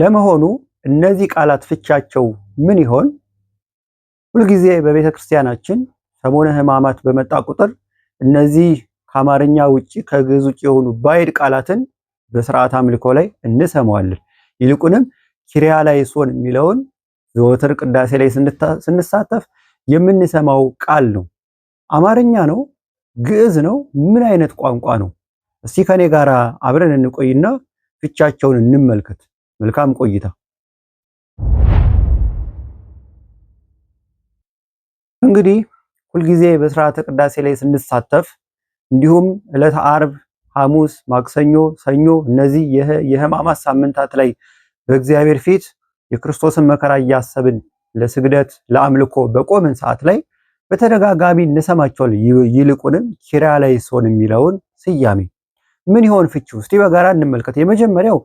ለመሆኑ እነዚህ ቃላት ፍቻቸው ምን ይሆን? ሁልጊዜ በቤተ ክርስቲያናችን ሰሞነ ሕማማት በመጣ ቁጥር እነዚህ ከአማርኛ ውጭ ከግዕዝ ውጭ የሆኑ ባዕድ ቃላትን በስርዓት አምልኮ ላይ እንሰማዋለን። ይልቁንም ኪሪያ ላይ ሶን የሚለውን ዘወትር ቅዳሴ ላይ ስንሳተፍ የምንሰማው ቃል ነው። አማርኛ ነው? ግዕዝ ነው? ምን አይነት ቋንቋ ነው? እስቲ ከኔ ጋር አብረን እንቆይና ፍቻቸውን እንመልከት። መልካም ቆይታ። እንግዲህ ሁልጊዜ በስርዓተ ቅዳሴ ላይ ስንሳተፍ እንዲሁም ዕለተ ዓርብ፣ ሐሙስ፣ ማክሰኞ፣ ሰኞ እነዚህ የሕማማት ሳምንታት ላይ በእግዚአብሔር ፊት የክርስቶስን መከራ እያሰብን ለስግደት ለአምልኮ በቆምን ሰዓት ላይ በተደጋጋሚ እንሰማቸዋል ይልቁንም ኪርያ ላይሶን የሚለውን ስያሜ ምን ይሆን ፍቺው? እስቲ በጋራ እንመልከት። የመጀመሪያው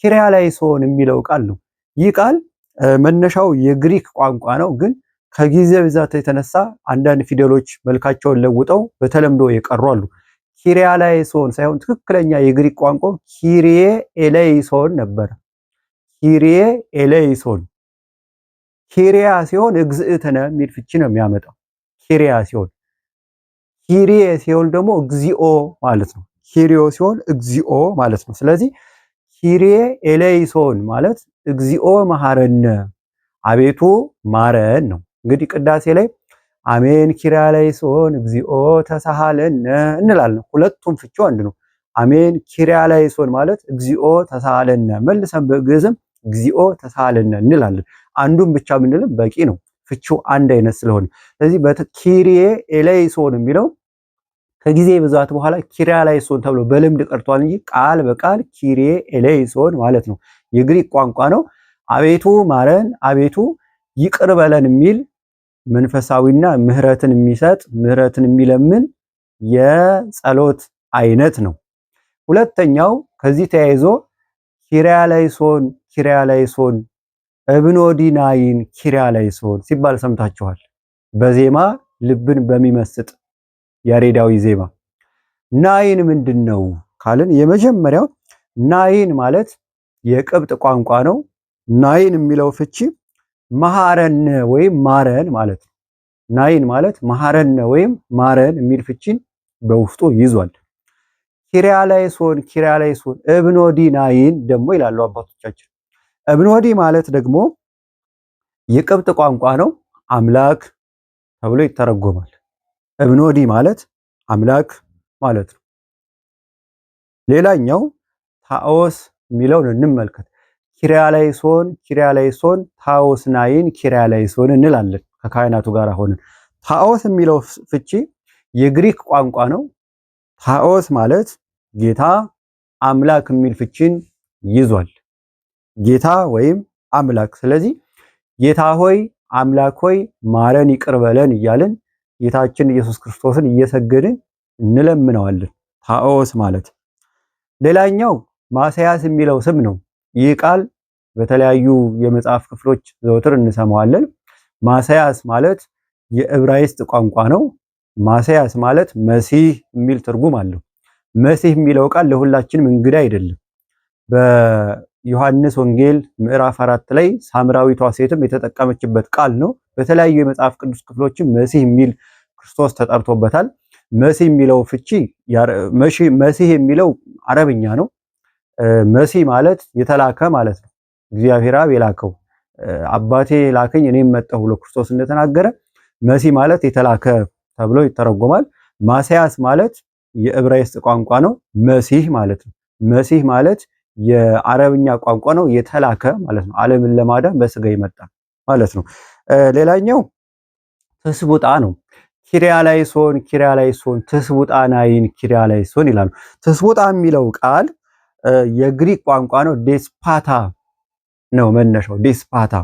ኪሪያ ላይ ሲሆን የሚለው ቃል ነው። ይህ ቃል መነሻው የግሪክ ቋንቋ ነው፣ ግን ከጊዜ ብዛት የተነሳ አንዳንድ ፊደሎች መልካቸውን ለውጠው በተለምዶ የቀሩ አሉ። ኪሪያ ላይ ሲሆን ሳይሆን ትክክለኛ የግሪክ ቋንቋ ኪሪዬ ኤሌይሶን ነበር። ኪሪዬ ኤሌይሶን ኪሪያ ሲሆን እግዝእትነ የሚል ፍቺ ነው የሚያመጣው። ኪሪያ ሲሆን ኪሪዬ ሲሆን ደግሞ እግዚኦ ማለት ነው። ኪሪዮ ሲሆን እግዚኦ ማለት ነው። ስለዚህ ኪሪዬ ኤሌይሶን ማለት እግዚኦ መሐረነ አቤቱ ማረን ነው። እንግዲህ ቅዳሴ ላይ አሜን ላይ ሶን እግዚኦ ተሳሃለነ እንላለን። ሁለቱም ፍቺ አንድ ነው። አሜን ላይ ሶን ማለት እግዚኦ ተሳሃለነ፣ መልሰን በግዕዝም እግዚኦ ተሳሃለነ እንላለን። አንዱን ብቻ ብንልም በቂ ነው፣ ፍቺው አንድ አይነት ስለሆነ። ስለዚህ በኪሪዬ ኤሌይሶን የሚለው ከጊዜ ብዛት በኋላ ኪሪያ ሶን ተብሎ በልምድ ቀርቷል እንጂ ቃል በቃል ኪሬ ኤሌይሶን ማለት ነው። የግሪክ ቋንቋ ነው። አቤቱ ማረን፣ አቤቱ ይቅር በለን የሚል መንፈሳዊና ምህረትን የሚሰጥ ምህረትን የሚለምን የጸሎት አይነት ነው። ሁለተኛው ከዚህ ተያይዞ ኪሪያ ሶን ኪሪያ ሶን እብኖዲናይን ኪሪያ ላይሶን ሲባል ሰምታችኋል። በዜማ ልብን በሚመስጥ ያሬዳዊ ዜማ። ናይን ምንድን ነው ካልን የመጀመሪያው ናይን ማለት የቅብጥ ቋንቋ ነው። ናይን የሚለው ፍቺ መሐረነ ወይም ማረን ማለት ነው። ናይን ማለት መሐረነ ወይም ማረን የሚል ፍቺን በውስጡ ይዟል። ኪርያላይሶን ኪርያላይሶን እብኖዲ ናይን ደግሞ ይላሉ አባቶቻችን። እብኖዲ ማለት ደግሞ የቅብጥ ቋንቋ ነው። አምላክ ተብሎ ይተረጎማል። እብኖዲ ማለት አምላክ ማለት ነው። ሌላኛው ታኦስ የሚለውን እንመልከት። ኪሪያላይሶን ኪሪያላይሶን ታኦስናይን ኪሪያላይሶን እንላለን ከካህናቱ ጋር ሆነን። ታኦስ የሚለው ፍቺ የግሪክ ቋንቋ ነው። ታኦስ ማለት ጌታ፣ አምላክ የሚል ፍቺን ይዟል። ጌታ ወይም አምላክ። ስለዚህ ጌታ ሆይ አምላክ ሆይ ማረን ይቅርበለን በለን ጌታችን ኢየሱስ ክርስቶስን እየሰገድን እንለምነዋለን። ታኦስ ማለት ሌላኛው ማስያስ የሚለው ስም ነው። ይህ ቃል በተለያዩ የመጽሐፍ ክፍሎች ዘውትር እንሰማዋለን። ማስያስ ማለት የዕብራይስጥ ቋንቋ ነው። ማስያስ ማለት መሲህ የሚል ትርጉም አለው። መሲህ የሚለው ቃል ለሁላችንም እንግዳ አይደለም። ዮሐንስ ወንጌል ምዕራፍ አራት ላይ ሳምራዊቷ ሴትም የተጠቀመችበት ቃል ነው። በተለያዩ የመጽሐፍ ቅዱስ ክፍሎችም መሲህ የሚል ክርስቶስ ተጠርቶበታል። መሲህ የሚለው ፍቺ መሲህ የሚለው አረብኛ ነው። መሲህ ማለት የተላከ ማለት ነው። እግዚአብሔር አብ የላከው አባቴ ላከኝ እኔም መጣሁ ብሎ ክርስቶስ እንደተናገረ መሲህ ማለት የተላከ ተብሎ ይተረጎማል። ማስያስ ማለት የዕብራይስጥ ቋንቋ ነው። መሲህ ማለት ነው። መሲህ ማለት የአረብኛ ቋንቋ ነው የተላከ ማለት ነው። ዓለምን ለማዳን በስጋ ይመጣ ማለት ነው። ሌላኛው ትስቡጣ ነው። ኪሪያ ላይ ሶን ኪሪያ ላይ ሶን ትስቡጣ ናይን ኪሪያ ላይ ሶን ይላሉ። ትስቡጣ የሚለው ቃል የግሪክ ቋንቋ ነው። ዴስፓታ ነው መነሻው። ዴስፓታ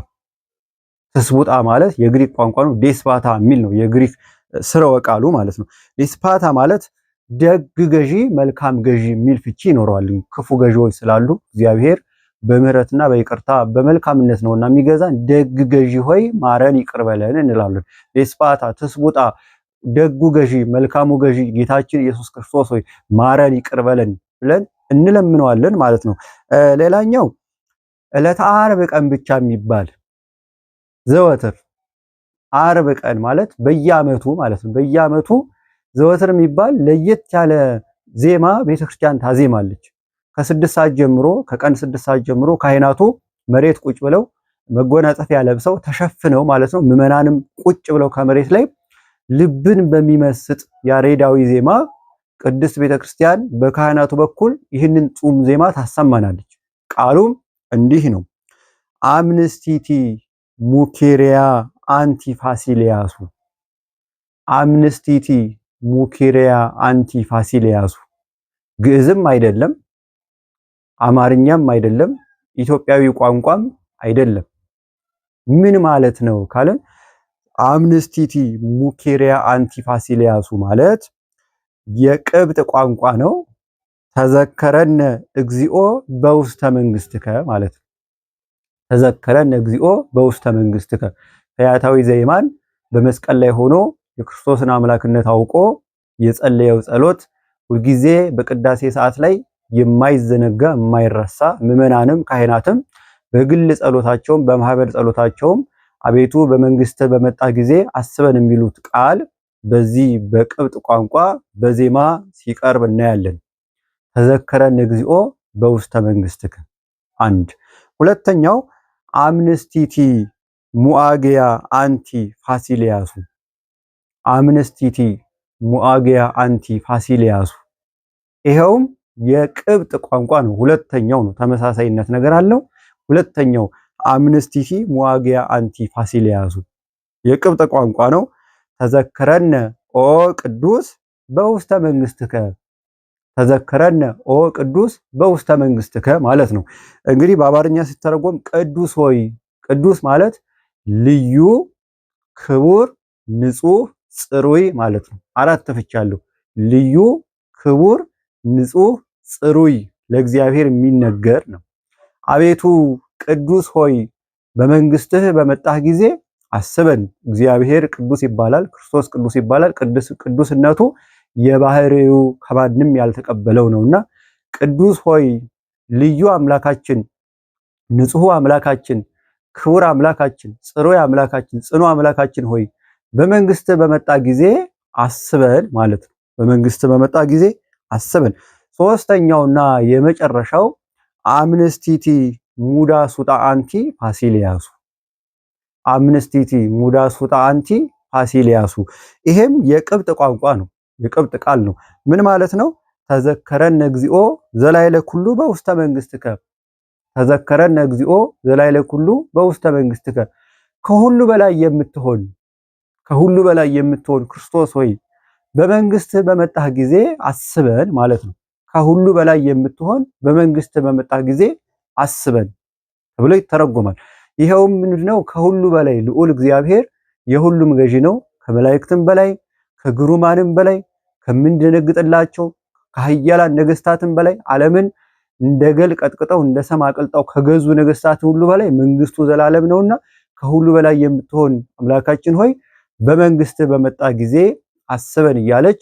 ትስቡጣ ማለት የግሪክ ቋንቋ ነው። ዴስፓታ የሚል ነው የግሪክ ስርወ ቃሉ ማለት ነው። ዴስፓታ ማለት ደግ ገዢ መልካም ገዢ የሚል ፍቺ ይኖረዋል። ክፉ ገዢዎች ስላሉ እግዚአብሔር በምህረትና በይቅርታ በመልካምነት ነውና የሚገዛን ደግ ገዢ ሆይ ማረን ይቅርበለን እንላለን። ዴስፓታ ትስቡጣ ደጉ ገዢ መልካሙ ገዢ ጌታችን ኢየሱስ ክርስቶስ ሆይ ማረን ይቅርበለን ብለን እንለምነዋለን ማለት ነው። ሌላኛው ዕለተ ዓርብ ቀን ብቻ የሚባል ዘወትር ዓርብ ቀን ማለት በየዓመቱ ማለት ነው በየዓመቱ ዘወትር የሚባል ለየት ያለ ዜማ ቤተክርስቲያን ታዜማለች። ከስድስት ሰዓት ጀምሮ ከቀን ስድስት ሰዓት ጀምሮ ካህናቱ መሬት ቁጭ ብለው መጎናጸፊያ ለብሰው ተሸፍነው ማለት ነው። ምዕመናንም ቁጭ ብለው ከመሬት ላይ ልብን በሚመስጥ ያሬዳዊ ዜማ ቅድስት ቤተክርስቲያን በካህናቱ በኩል ይህንን ጹም ዜማ ታሰማናለች። ቃሉም እንዲህ ነው። አምንስቲቲ ሙኬሪያ አንቲ ፋሲሊያሱ አምንስቲቲ ሙኪሪያ አንቲ ፋሲሊያሱ ግዕዝም አይደለም አማርኛም አይደለም ኢትዮጵያዊ ቋንቋም አይደለም። ምን ማለት ነው ካለ አምነስቲቲ ሙኪሪያ አንቲ ፋሲሊያሱ ማለት የቅብጥ ቋንቋ ነው። ተዘከረነ እግዚኦ በውስተ መንግስትከ ማለት ነው። ተዘከረነ እግዚኦ በውስተ መንግስትከ ፈያታዊ ዘይማን በመስቀል ላይ ሆኖ የክርስቶስን አምላክነት አውቆ የጸለየው ጸሎት ሁልጊዜ በቅዳሴ ሰዓት ላይ የማይዘነጋ የማይረሳ ምዕመናንም ካህናትም በግል ጸሎታቸውም በማህበር ጸሎታቸውም አቤቱ በመንግስት በመጣ ጊዜ አስበን የሚሉት ቃል በዚህ በቅብጥ ቋንቋ በዜማ ሲቀርብ እናያለን። ተዘከረን እግዚኦ በውስተ መንግስትክ። አንድ ሁለተኛው አምንስቲቲ ሙአጌያ አንቲ ፋሲሊያሱ አምነስቲቲ ሙአጊያ አንቲ ፋሲሊያሱ ይኸውም የቅብጥ ቋንቋ ነው። ሁለተኛው ነው፣ ተመሳሳይነት ነገር አለው። ሁለተኛው አምነስቲቲ ሙአጊያ አንቲ ፋሲሊያሱ የቅብጥ ቋንቋ ነው። ተዘከረነ ኦ ቅዱስ በውስተ መንግስትከ ተዘከረነ ኦ ቅዱስ በውስተ መንግስትከ ማለት ነው። እንግዲህ በአማርኛ ሲተረጎም ቅዱስ ሆይ ቅዱስ ማለት ልዩ፣ ክቡር፣ ንጹህ ጽሩይ ማለት ነው። አራት ተፍቻለሁ። ልዩ፣ ክቡር፣ ንጹህ፣ ጽሩይ ለእግዚአብሔር የሚነገር ነው። አቤቱ ቅዱስ ሆይ በመንግስትህ በመጣህ ጊዜ አስበን። እግዚአብሔር ቅዱስ ይባላል፣ ክርስቶስ ቅዱስ ይባላል። ቅዱስነቱ የባህሪው ከማንም ያልተቀበለው ነውና ቅዱስ ሆይ ልዩ አምላካችን፣ ንጹህ አምላካችን፣ ክቡር አምላካችን፣ ጽሩይ አምላካችን፣ ጽኑ አምላካችን ሆይ በመንግስት በመጣ ጊዜ አስበን ማለት ነው። በመንግስት በመጣ ጊዜ አስበን። ሶስተኛውና የመጨረሻው አምነስቲቲ ሙዳ ሱጣ አንቲ ፋሲሊያሱ፣ አምነስቲቲ ሙዳ ሱጣ አንቲ ፋሲሊያሱ። ይሄም የቅብጥ ቋንቋ ነው፣ የቅብጥ ቃል ነው። ምን ማለት ነው? ተዘከረን እግዚኦ ዘላይለ ኩሉ በውስተ መንግስትከ፣ ተዘከረን እግዚኦ ዘላይለ ኩሉ በውስተ መንግስትከ፣ ከሁሉ በላይ የምትሆን ከሁሉ በላይ የምትሆን ክርስቶስ ሆይ በመንግስትህ በመጣህ ጊዜ አስበን ማለት ነው። ከሁሉ በላይ የምትሆን በመንግስትህ በመጣህ ጊዜ አስበን ተብሎ ይተረጎማል። ይኸውም ምንድነው? ከሁሉ በላይ ልዑል እግዚአብሔር የሁሉም ገዢ ነው። ከመላእክትም በላይ ከግሩማንም በላይ ከምንደነግጥላቸው ከኃያላን ነገስታትም በላይ ዓለምን እንደ ገል ቀጥቅጠው እንደ ሰም አቅልጠው ከገዙ ነገስታት ሁሉ በላይ መንግስቱ ዘላለም ነውና ከሁሉ በላይ የምትሆን አምላካችን ሆይ በመንግስት በመጣ ጊዜ አስበን እያለች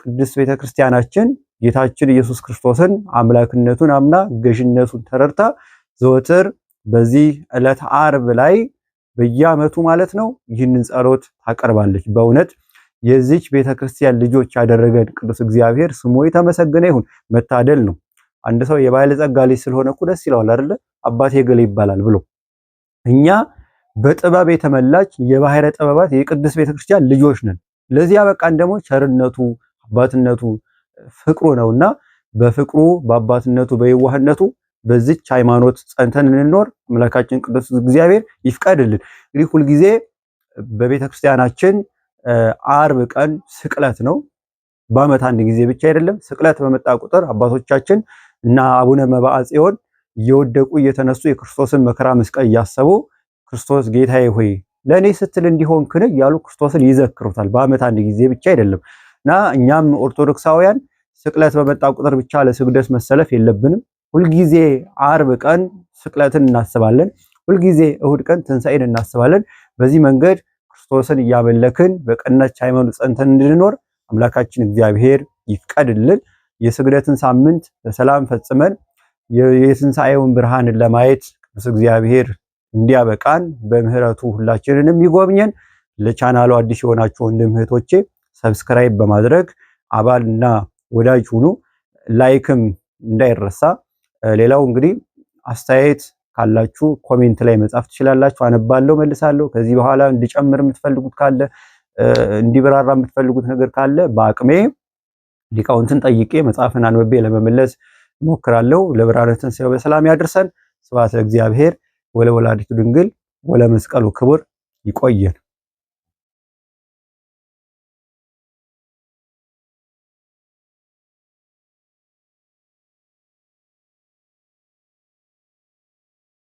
ቅድስት ቤተ ክርስቲያናችን ጌታችን ኢየሱስ ክርስቶስን አምላክነቱን አምና ገዥነቱን ተረድታ ዘወትር በዚህ ዕለት ዓርብ ላይ በየዓመቱ ማለት ነው ይህንን ጸሎት ታቀርባለች። በእውነት የዚች ቤተ ክርስቲያን ልጆች ያደረገን ቅዱስ እግዚአብሔር ስሙ የተመሰገነ ይሁን። መታደል ነው። አንድ ሰው የባለጸጋ ልጅ ስለሆነ እኮ ደስ ይለዋል አይደለ? አባቴ ገሌ ይባላል ብሎ እኛ በጥበብ የተመላች የባህረ ጥበባት የቅድስት ቤተክርስቲያን ልጆች ነን። ለዚህ ያበቃን ደግሞ ቸርነቱ፣ አባትነቱ፣ ፍቅሩ ነውና በፍቅሩ በአባትነቱ በየዋህነቱ በዚች ሃይማኖት ጸንተን እንኖር አምላካችን ቅዱስ እግዚአብሔር ይፍቀድልን። እንግዲህ ሁልጊዜ በቤተክርስቲያናችን አርብ ቀን ስቅለት ነው። በዓመት አንድ ጊዜ ብቻ አይደለም። ስቅለት በመጣ ቁጥር አባቶቻችን እና አቡነ መባዓ ጽዮን እየወደቁ እየተነሱ የክርስቶስን መከራ መስቀል እያሰቡ ክርስቶስ ጌታዬ ሆይ ለእኔ ስትል ክን እያሉ ክርስቶስን ይዘክሩታል። በዓመት አንድ ጊዜ ብቻ አይደለም እና እኛም ኦርቶዶክሳውያን ስቅለት በመጣ ቁጥር ብቻ ለስግደት መሰለፍ የለብንም። ሁልጊዜ አርብ ቀን ስቅለትን እናስባለን። ሁልጊዜ እሁድ ቀን ትንሣኤን እናስባለን። በዚህ መንገድ ክርስቶስን እያመለክን በቀናች ሃይማኖት ጸንተን እንድንኖር አምላካችን እግዚአብሔር ይፍቀድልን። የስግደትን ሳምንት በሰላም ፈጽመን የትንሣኤውን ብርሃንን ለማየት ቅዱስ እግዚአብሔር እንዲያበቃን በምህረቱ ሁላችንንም ይጎብኘን። ለቻናሉ አዲስ የሆናችሁ ወንድም እህቶቼ ሰብስክራይብ በማድረግ አባልና ወዳጅ ሁኑ። ላይክም እንዳይረሳ። ሌላው እንግዲህ አስተያየት ካላችሁ ኮሜንት ላይ መጻፍ ትችላላችሁ። አነባለሁ፣ መልሳለሁ። ከዚህ በኋላ እንድጨምር የምትፈልጉት ካለ እንዲብራራ የምትፈልጉት ነገር ካለ በአቅሜ ሊቃውንትን ጠይቄ መጽሐፍን አንብቤ ለመመለስ ሞክራለሁ። ለብርሃነ ትንሣኤው በሰላም ያድርሰን። ስብሐት ለእግዚአብሔር ወለወላዲቱ ድንግል ወለመስቀሉ ክቡር ይቆየን።